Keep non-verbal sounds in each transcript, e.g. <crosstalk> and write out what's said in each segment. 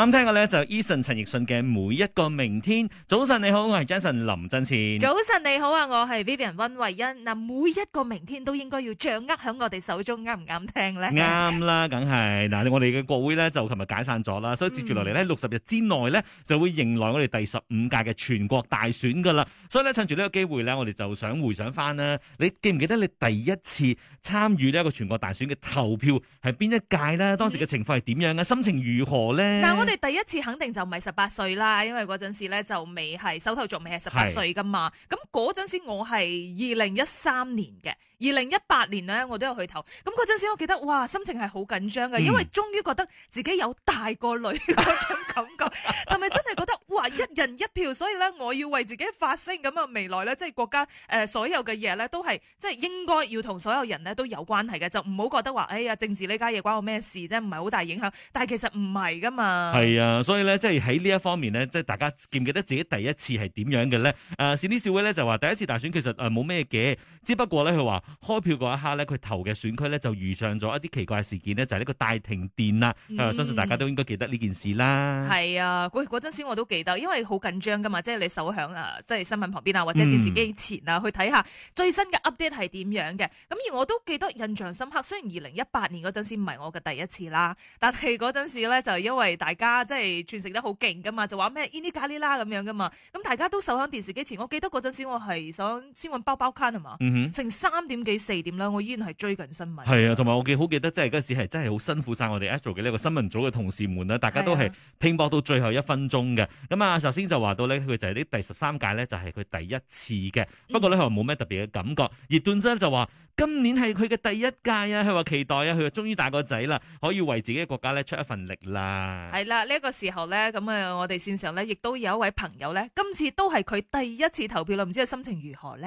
啱聽嘅咧就係 Eason 陳奕迅嘅每一個明天，早晨你好，我係 Jason 林振前。早晨你好啊，我係 Vivian 溫慧欣。嗱每一個明天都應該要掌握喺我哋手中，啱唔啱聽咧？啱啦，梗係。嗱，我哋嘅國會咧就琴日解散咗啦，所以接住落嚟咧六十日之內咧就會迎來我哋第十五屆嘅全國大選噶啦，所以咧趁住呢個機會咧，我哋就想回想翻呢，你記唔記得你第一次參與呢一個全國大選嘅投票係邊一屆呢？當時嘅情況係點樣嘅？心情如何咧？即係第一次肯定就唔係十八歲啦，因為嗰陣時咧就未係手頭仲未係十八歲噶嘛，咁嗰陣時我係二零一三年嘅。二零一八年呢，我都有去投，咁嗰陣時我記得，哇，心情係好緊張嘅，因為終於覺得自己有大個女嗰種感覺，係咪 <laughs> 真係覺得哇一人一票，所以咧我要為自己發聲，咁啊未來咧即係國家誒、呃、所有嘅嘢咧都係即係應該要同所有人咧都有關係嘅，就唔好覺得話，哎呀政治呢家嘢關我咩事啫，唔係好大影響，但係其實唔係噶嘛。係啊，所以咧即係喺呢一方面咧，即係大家記唔記得自己第一次係點樣嘅咧？誒、呃，小啲小威咧就話第一次大選其實誒冇咩嘅，只不過咧佢話。開票嗰一刻咧，佢投嘅選區咧就遇上咗一啲奇怪嘅事件呢，就係呢個大停電啦。相信大家都應該記得呢件事啦。係啊，嗰嗰陣時我都記得，因為好緊張噶嘛，即係你守響啊，即係新聞旁邊啊，或者電視機前啊，去睇下最新嘅 update 係點樣嘅。咁、嗯、而我都記得印象深刻，雖然二零一八年嗰陣時唔係我嘅第一次啦，但係嗰陣時咧就因為大家即係傳承得好勁噶嘛，就話咩呢咖喱啦咁樣噶嘛。咁大家都守響電視機前，我記得嗰陣時我係想先搵包包 can 係嘛，成三點。幾四點啦？我依然係追緊新聞，係啊，同埋我記好記得，即係嗰時係真係好辛苦晒我哋 Astro 嘅呢個新聞組嘅同事們啦，大家都係拼搏到最後一分鐘嘅。咁啊，首先就話到呢，佢就係啲第十三屆呢，就係、是、佢第一次嘅。不過呢，佢話冇咩特別嘅感覺。而段生就話今年係佢嘅第一屆啊，佢話期待啊，佢終於大個仔啦，可以為自己嘅國家咧出一份力啦。係啦，呢、這個時候呢，咁啊，我哋線上呢，亦都有一位朋友呢，今次都係佢第一次投票啦，唔知佢心情如何呢？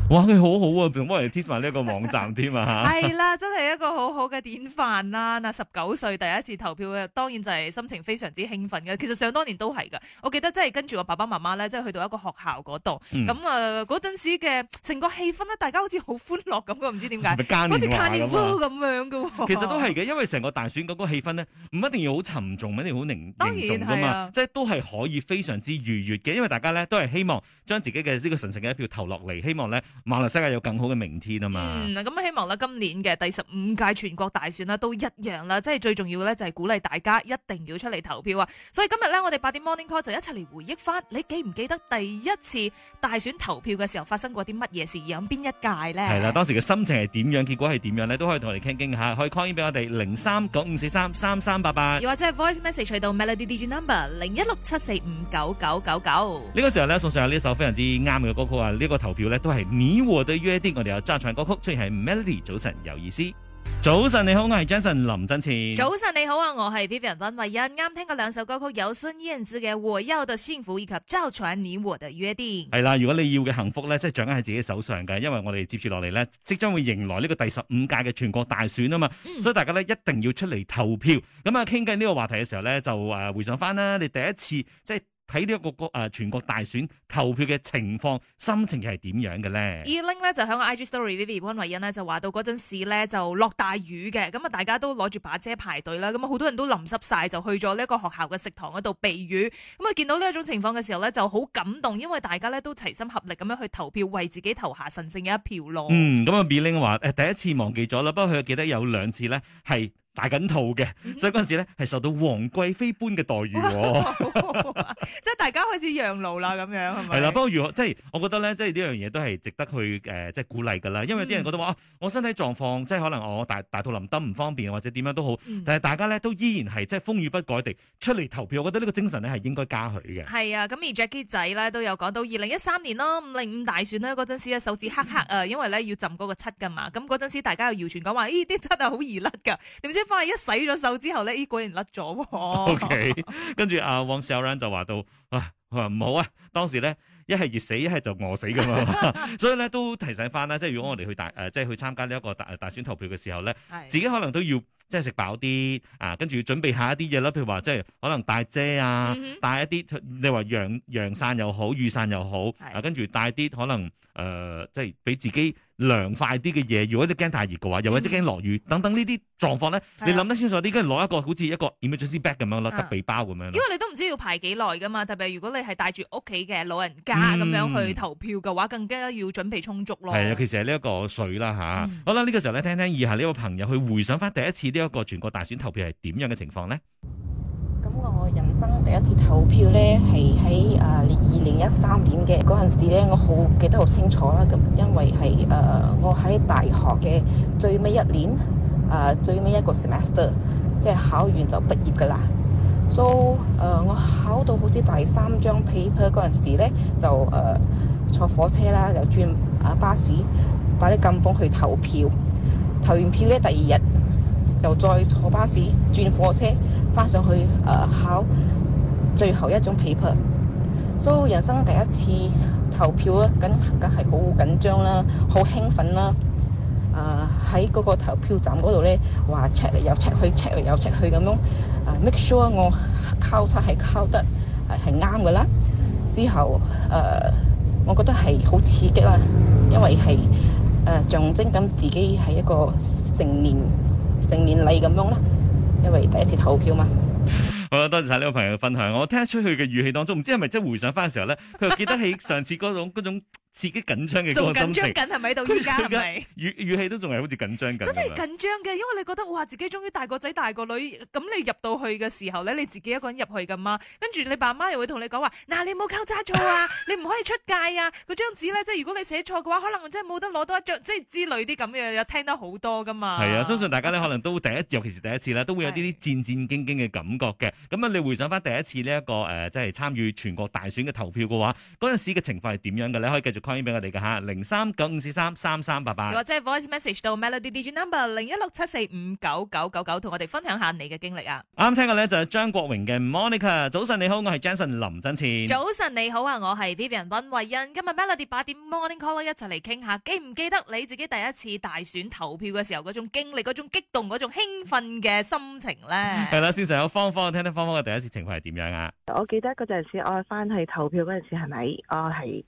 哇，佢好好啊，同 w a v e t 呢一個網站添啊！係啦 <laughs> 真係一個好好嘅典範啦，啊！嗱，十九歲第一次投票嘅，當然就係心情非常之興奮嘅。其實上當年都係噶，我記得真係跟住我爸爸媽媽咧，真係去到一個學校嗰度。咁啊，嗯，嗰陣，嗯、時嘅成個氣氛咧，大家好似好歡樂咁嘅，唔知點解，好似嘉年華咁樣嘅，啊。樣啊，其實都係嘅，因為成個大選嗰個氣氛咧，唔一定要好沉重，唔一定要好凝重當，然噶嘛，啊，即係都係可以非常之愉悅嘅。因為大家咧都係希望將自己嘅呢個神聖嘅一票投落嚟，希望咧。馬來西亞有更好嘅明天啊嘛！咁、嗯嗯嗯、希望啦，今年嘅第十五屆全國大選啦、啊，都一樣啦，即係最重要嘅咧，就係鼓勵大家一定要出嚟投票啊！所以今日咧，我哋八點 morning call 就一齊嚟回憶翻，你記唔記得第一次大選投票嘅時候發生過啲乜嘢事？有邊一屆呢？係啦，當時嘅心情係點樣？結果係點樣呢？都可以同我哋傾傾下，可以 call 俾我哋零三九五四三三三八八，又或者係 voice message 去到 melody DJ number 零一六七四五九九九九。呢個時候呢，送上呢首非常之啱嘅歌曲啊！呢、這個投票呢，都係你我的約定，我哋有趙傳歌曲出現喺 Melody。早晨有意思，早晨你好，我係 Jason 林振前。早晨你好啊，我係 Vivian 溫慧欣一啱聽過兩首歌曲，有孫燕姿嘅我要的幸福，以及趙傳你我的約定。係啦， <noise> 如果你要嘅幸福咧，即係掌握喺自己手上嘅，因為我哋接住落嚟咧，即將會迎來呢個第十五屆嘅全國大選啊嘛，嗯、所以大家咧一定要出嚟投票。咁、嗯、啊，傾偈呢個話題嘅時候咧，就誒回想翻啦，你第一次即係。喺呢一個國誒全國大選投票嘅情況，心情係點樣嘅咧？Eling 咧就喺 IG story，Vivian 韋恩咧就話到嗰陣時咧就落大雨嘅，咁啊大家都攞住把遮排隊啦，咁啊好多人都淋濕晒就去咗呢個學校嘅食堂嗰度避雨，咁啊見到呢一種情況嘅時候咧就好感動，因為大家咧都齊心合力咁樣去投票，為自己投下神聖嘅一票咯。嗯，咁啊 Eling 話誒第一次忘記咗啦，不過佢記得有兩次咧係。大緊套嘅，所以嗰陣時咧係受到皇貴妃般嘅待遇，即 <laughs> 係 <laughs> 大家開始讓路啦，咁樣係咪？係啦， <laughs> 不過如果即係我覺得咧，即係呢樣嘢都係值得去誒、呃，即係鼓勵㗎啦。因為啲人覺得話、嗯啊、我身體狀況即係可能我大大肚臨登唔方便，或者點樣都好，但係大家咧都依然係即係風雨不改地出嚟投票。我覺得呢個精神咧係應該嘉許嘅。係啊，咁而 Jacky 仔咧都有講到二零一三年咯，五零五大選咧嗰陣時手指黑黑啊，因為咧要浸嗰個漆㗎嘛。咁嗰陣時大家又謠傳講話，咦啲漆係好易甩㗎，點知？一翻去一洗咗手之後咧，咦，果然甩咗。O K，跟住阿王肖蘭就話到，啊，佢話唔好啊，當時咧一係熱死，一係就餓死㗎嘛。」 <laughs> 所以咧都提醒翻啦，即係如果我哋去大誒、呃，即係去參加呢一個大大選投票嘅時候咧，的自己可能都要。即係食飽啲啊，跟住要準備下一啲嘢啦。譬如話，即係可能帶遮啊，帶一啲你話陽陽傘又好，雨傘又好啊。跟住帶啲可能誒，即係俾自己涼快啲嘅嘢。如果你驚太熱嘅話，又或者驚落雨等等呢啲狀況咧，你諗得清楚啲，跟住攞一個好似一個 emergency bag 咁樣咯，得背包咁樣。因為你都唔知要排幾耐㗎嘛，特別如果你係帶住屋企嘅老人家咁樣去投票嘅話，更加要準備充足咯。係啊，尤其係呢一個水啦吓，好啦，呢個時候咧，聽聽以下呢個朋友去回想翻第一次啲。一個全國大選投票係點樣嘅情況呢？咁我人生第一次投票呢，係喺誒二零一三年嘅嗰陣時呢，我好記得好清楚啦。咁因為係誒、呃、我喺大學嘅最尾一年誒、呃、最尾一個 semester，即係考完就畢業噶啦。So 誒、呃、我考到好似第三張 paper 嗰陣時呢，就誒、呃、坐火車啦，又轉啊巴士，快啲撳泵去投票。投完票呢，第二日。又再坐巴士轉火車翻上去誒、呃、考最後一種 paper，所、so，以人生第一次投票啊，梗係好緊張啦，好興奮啦！啊喺嗰個投票站嗰度咧，話 check 嚟又 check 去，check 嚟又 check 去咁樣，啊、呃、make sure 我交叉係考得係啱噶啦。之後誒、呃，我覺得係好刺激啦，因為係誒、呃、象徵緊自己係一個成年。成年禮咁樣啦，因為第一次投票嘛。好啦，多謝晒呢位朋友嘅分享，我聽得出佢嘅語氣當中，唔知係咪真係回想翻嘅時候咧，佢又記得起上次嗰種嗰種。自己緊張嘅個心情，仲緊張緊係咪到而家？佢而 <laughs> 語，語氣都仲係好似緊張緊。真係緊張嘅，因為你覺得哇，自己終於大個仔大個女，咁你入到去嘅時候咧，你自己一個人入去噶嘛，跟住你爸媽又會同你講話，嗱、啊、你冇交叉錯啊， <laughs> 你唔可以出界啊，嗰張紙咧，即係如果你寫錯嘅話，可能真係冇得攞多一張，即係之類啲咁樣，又聽得好多噶嘛。係啊，相信大家咧可能都第一，尤其是第一次咧，都會有啲戰戰兢兢嘅感覺嘅。咁啊的，你回想翻第一次呢、這、一個誒、呃，即係參與全國大選嘅投票嘅話，嗰陣時嘅情況係點樣嘅？你可以繼續。call 俾我哋噶吓，零三九五四三三三八八，或者係 voice message 到 Melody Digi number 零一六七四五九九九九，同我哋分享下你嘅經歷啊。啱聽嘅咧就係張國榮嘅 Monica，早晨你好，我係 Jason 林振詞。早晨你好啊，我係 Vivian 溫慧欣。今日 Melody 八點 Morning Call 一齊嚟傾下，記唔記得你自己第一次大選投票嘅時候嗰種經歷、嗰種激動、嗰種興奮嘅心情咧？係啦 <laughs> 先上有芳芳，聽聽芳芳嘅第一次情況係點樣啊？我記得嗰陣時我翻去投票嗰陣時係咪我係？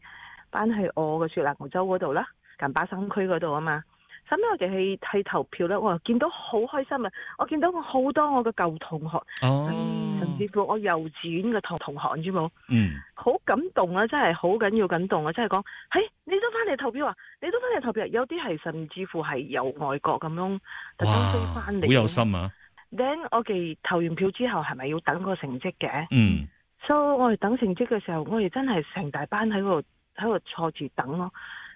翻去我嘅雪蘭莪州嗰度啦，近巴生區嗰度啊嘛。咁我哋去去投票咧，我見到好開心啊！我見到好多我嘅舊同學、哦嗯，甚至乎我幼稚園嘅同同學，你知冇？嗯，好感動啊！真係好緊要感動啊！即係講，嘿、欸，你都翻嚟投票啊！你都翻嚟投票，有啲係甚至乎係由外國咁樣特登飛翻嚟。好有心啊！等我哋投完票之後，係咪要等個成績嘅？嗯。So 我哋等成績嘅時候，我哋真係成大班喺度。喺度坐住等咯，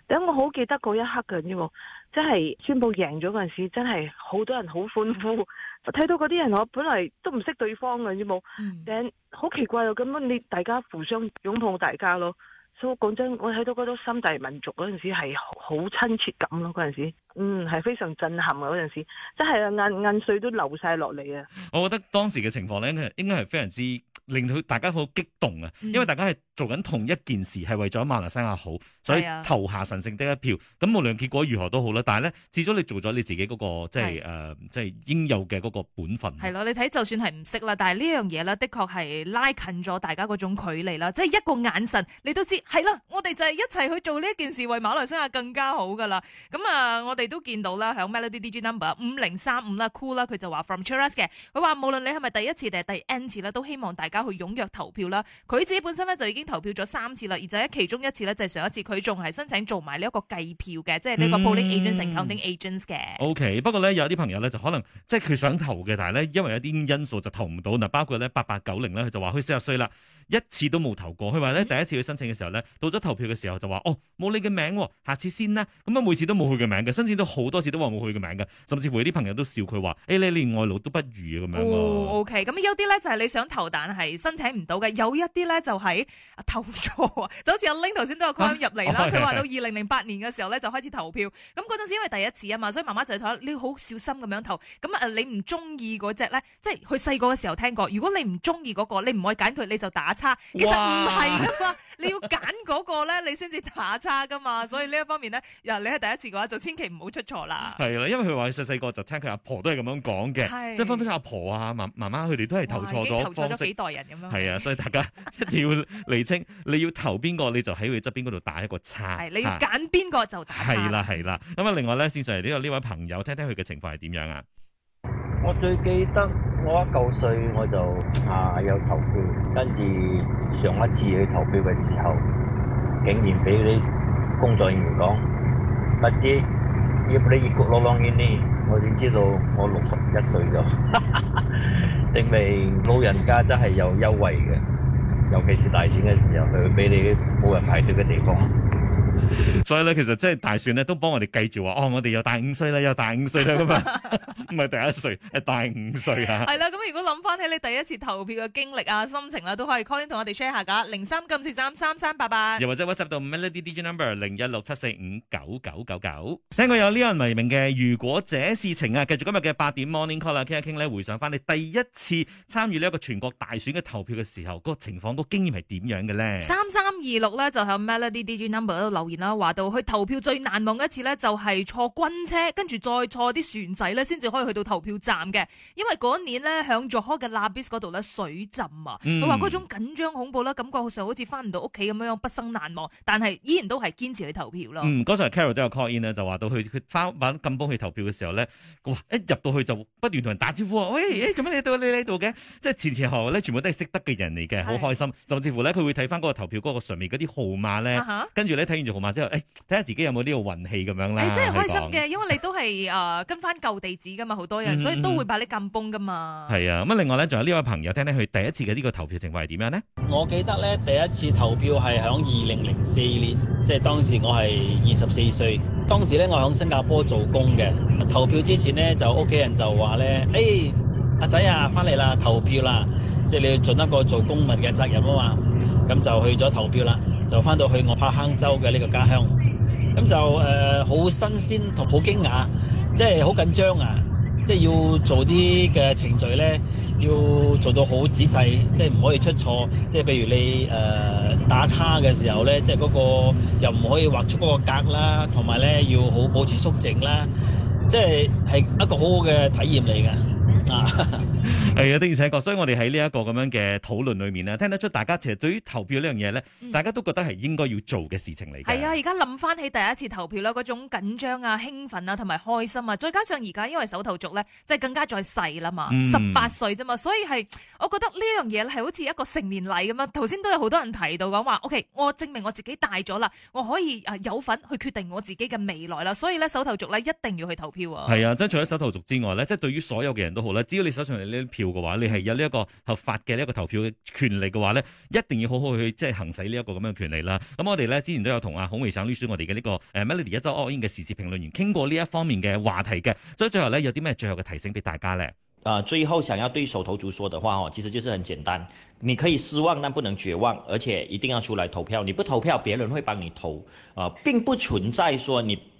等我好記得嗰一刻嘅，知冇？真係宣布贏咗嗰陣時，真係好多人好歡呼，睇到嗰啲人我本來都唔識對方嘅，知冇？但好奇怪啊，咁樣你大家互相擁抱大家咯，所以我講真，我睇到嗰種心底民族嗰陣時係好親切感咯，嗰陣時，嗯，係非常震撼啊嗰陣時，真係眼眼水都流晒落嚟啊！我覺得當時嘅情況咧，應該係非常之。令到大家好激動啊！因為大家係做緊同一件事，係為咗馬來西亞好，所以投下神聖的一票。咁無論結果如何都好啦。但係咧，至少你做咗你自己嗰個即係誒，即係、呃、應有嘅嗰個本分。係咯，你睇就算係唔識啦，但係呢樣嘢咧，的確係拉近咗大家嗰種距離啦。即係一個眼神，你都知係啦。我哋就係一齊去做呢一件事，為馬來西亞更加好噶啦。咁啊，我哋都見到啦，響 Melody D G number 五零三五啦，cool 啦。佢就話 from Charles 嘅，佢話無論你係咪第一次定係第 n 次啦，都希望大家。去踴躍投票啦，佢自己本身咧就已經投票咗三次啦，而就喺其中一次咧就係上一次，佢仲係申請做埋呢一個計票嘅，即係呢個 polling agents counting agents 嘅。OK，不過咧有啲朋友咧就可能即係佢想投嘅，但係咧因為有啲因素就投唔到嗱。包括咧八八九零咧佢就話佢四十歲啦。一次都冇投過，佢話咧第一次去申請嘅時候咧，到咗投票嘅時候就話哦冇你嘅名喎，下次先啦。咁啊每次都冇佢嘅名嘅，申請都好多次都話冇佢嘅名嘅，甚至乎有啲朋友都笑佢話，誒、哎、你連外勞都不如啊咁樣。哦，OK，咁有啲咧就係你想投但係申請唔到嘅，有一啲咧就係投錯 <laughs> 就好似阿 Ling 頭先都有 comment 入嚟啦，佢話到二零零八年嘅時候咧就開始投票，咁嗰陣時因為第一次啊嘛，所以媽媽就係同你好小心咁樣投，咁啊你唔中意嗰隻咧，即係佢細個嘅時候聽過，如果你唔中意嗰個，你唔可以揀佢，你就打。叉，其實唔係㗎嘛，你要揀嗰個咧，你先至打叉㗎嘛。所以呢一方面咧，呀，你係第一次嘅話，就千祈唔好出錯啦。係啦，因為佢話你細細個就聽佢阿婆都係咁樣講嘅，的即係分分阿婆啊、媽媽媽佢哋都係投錯咗方式，投錯咗幾代人咁樣。係啊，所以大家一定要釐清，你要投邊個你就喺佢側邊嗰度打一個叉。你要揀邊個就打。係啦，係啦。咁啊，另外咧，線上嚟呢個呢位朋友，聽聽佢嘅情況係點樣啊？我最記得我一嚿歲我就啊，有投票，跟住上一次去投票嘅時候，竟然俾啲工作人員講，不知要你越過老啷院呢，我點知道我六十一歲咗， <laughs> 證明老人家真係有優惠嘅，尤其是大選嘅時候，佢會俾你啲冇人排隊嘅地方。所以咧，其實即係大選咧，都幫我哋計住話，哦，我哋又大五歲咧，又大五歲啦，咁啊，唔係第一歲，係大五歲啊。係啦，咁如果諗翻起你第一次投票嘅經歷啊、心情啦，都可以 call 同我哋 share 下噶。零三，今次三三三八八，又或者 WhatsApp 到 Melody DJ number 零一六七四五九九九九。聽過有呢樣疑名嘅，如果這事情啊，繼續今日嘅八點 morning call 啦，傾一傾咧，回想翻你第一次參與呢一個全國大選嘅投票嘅時候，個情況、個經驗係點樣嘅咧？三三二六咧，就響 Melody DJ number 喺度留言。啦，話到去投票最難忘嘅一次咧，就係坐軍車，跟住再坐啲船仔咧，先至可以去到投票站嘅。因為嗰年咧，響咗開嘅 Labis 嗰度咧，水浸啊！佢話嗰種緊張恐怖啦，感覺上好似翻唔到屋企咁樣，畢生難忘。但係依然都係堅持去投票咯。嗯，嗰陣時 Carol 都有 call in 就話到去佢翻揾金邦去投票嘅時候咧，佢話一入到去就不斷同人打招呼，喂，哎，做乜 <laughs> 你到你呢度嘅？即係前前後後咧，全部都係識得嘅人嚟嘅，好是開心。甚至乎咧，佢會睇翻嗰個投票嗰個上面嗰啲號碼咧，uh huh. 跟住咧睇完號碼。即係誒，睇下自己有冇呢個運氣咁樣啦。誒，真係開心嘅，說因為你都係誒、呃、跟翻舊地址噶嘛，好多人， <laughs> 所以都會把你禁崩噶嘛。係啊，咁啊，另外咧，仲有呢位朋友，聽聽佢第一次嘅呢個投票情況係點樣咧？我記得咧，第一次投票係響二零零四年，即係當時我係二十四歲，當時咧我響新加坡做工嘅。投票之前咧，就屋企人就話咧，誒、哎，阿仔啊，翻嚟啦，投票啦，即係你要盡一個做公民嘅責任啊嘛。咁就去咗投票啦，就翻到去我拍坑州嘅呢個家鄉，咁就誒好、呃、新鮮同好驚訝，即係好緊張啊！即係要做啲嘅程序咧，要做到好仔細，即係唔可以出錯。即係譬如你誒、呃、打叉嘅時候咧，即係嗰個又唔可以畫出嗰個格啦，同埋咧要好保持肅靜啦。即係係一個好好嘅體驗嚟㗎。啊 <laughs> 係啊， <laughs> 哎、的而且確，所以我哋喺呢一個咁樣嘅討論裏面咧，聽得出大家其實對於投票呢樣嘢咧，嗯、大家都覺得係應該要做嘅事情嚟。嘅、嗯。係啊，而家諗翻起第一次投票咧，嗰種緊張啊、興奮啊，同埋開心啊，再加上而家因為首投族咧，即、就、係、是、更加再細啦嘛，十八歲啫嘛，所以係，我覺得呢樣嘢係好似一個成年禮咁樣。頭先都有好多人提到講話，OK，我證明我自己大咗啦，我可以有份去決定我自己嘅未來啦。所以咧，首投族咧一定要去投票啊。係啊、嗯，即係、嗯、除咗首投族之外咧，即、就、係、是、對於所有嘅人都好啦，只要你手上你票嘅話，你係有呢一個合法嘅呢一個投票嘅權利嘅話咧，一定要好好去即係行使呢一個咁樣嘅權利啦。咁、嗯、我哋咧之前都有同啊孔維省呢選我哋嘅呢個誒、啊、Melody 一周 all in 嘅時事評論員傾過呢一方面嘅話題嘅。所以最後咧有啲咩最後嘅提醒俾大家咧？啊、呃，最後想要對首投族說嘅話，哦，其實就是很簡單，你可以失望但不能絕望，而且一定要出來投票。你不投票，別人會幫你投。啊、呃，並不存在說你。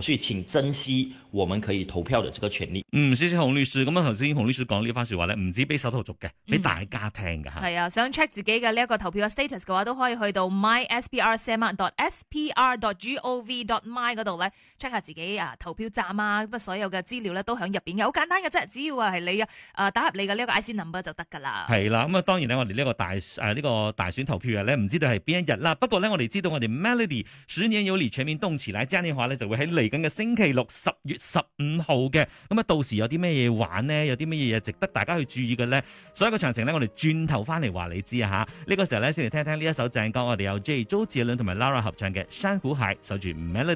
所以請珍惜我們可以投票的這個權利。嗯，謝謝洪律師。咁啊，頭先洪律師講呢番說話咧，唔止俾首投族嘅，俾、嗯、大家聽噶吓。係啊，想 check 自己嘅呢一個投票嘅 status 嘅話，都可以去到 my.spr.semak.spr.gov.my dot dot 嗰度咧，check 下自己啊投票站啊，咁啊所有嘅資料咧都喺入邊，好簡單嘅啫，只要話係你啊啊、呃、打入你嘅呢個 IC number 就得噶啦。係啦、啊，咁、嗯、啊當然咧，我哋呢一個大誒呢、呃這個大選投票日咧，唔知道係邊一日啦。不過咧，我哋知道我哋 Melody 十年有禮全面凍持奶漿嘅話咧，就會喺嚟緊嘅星期六，十月十五號嘅，咁啊到時有啲咩嘢玩呢？有啲咩嘢值得大家去注意嘅呢？所有個詳情呢，我哋轉頭翻嚟話你知啊吓。呢、呢個時候呢，先嚟聽聽呢一首正歌，我哋有 Jay Jo 周杰倫同埋 Lara u 合唱嘅、uh《珊瑚海守住 Melody》。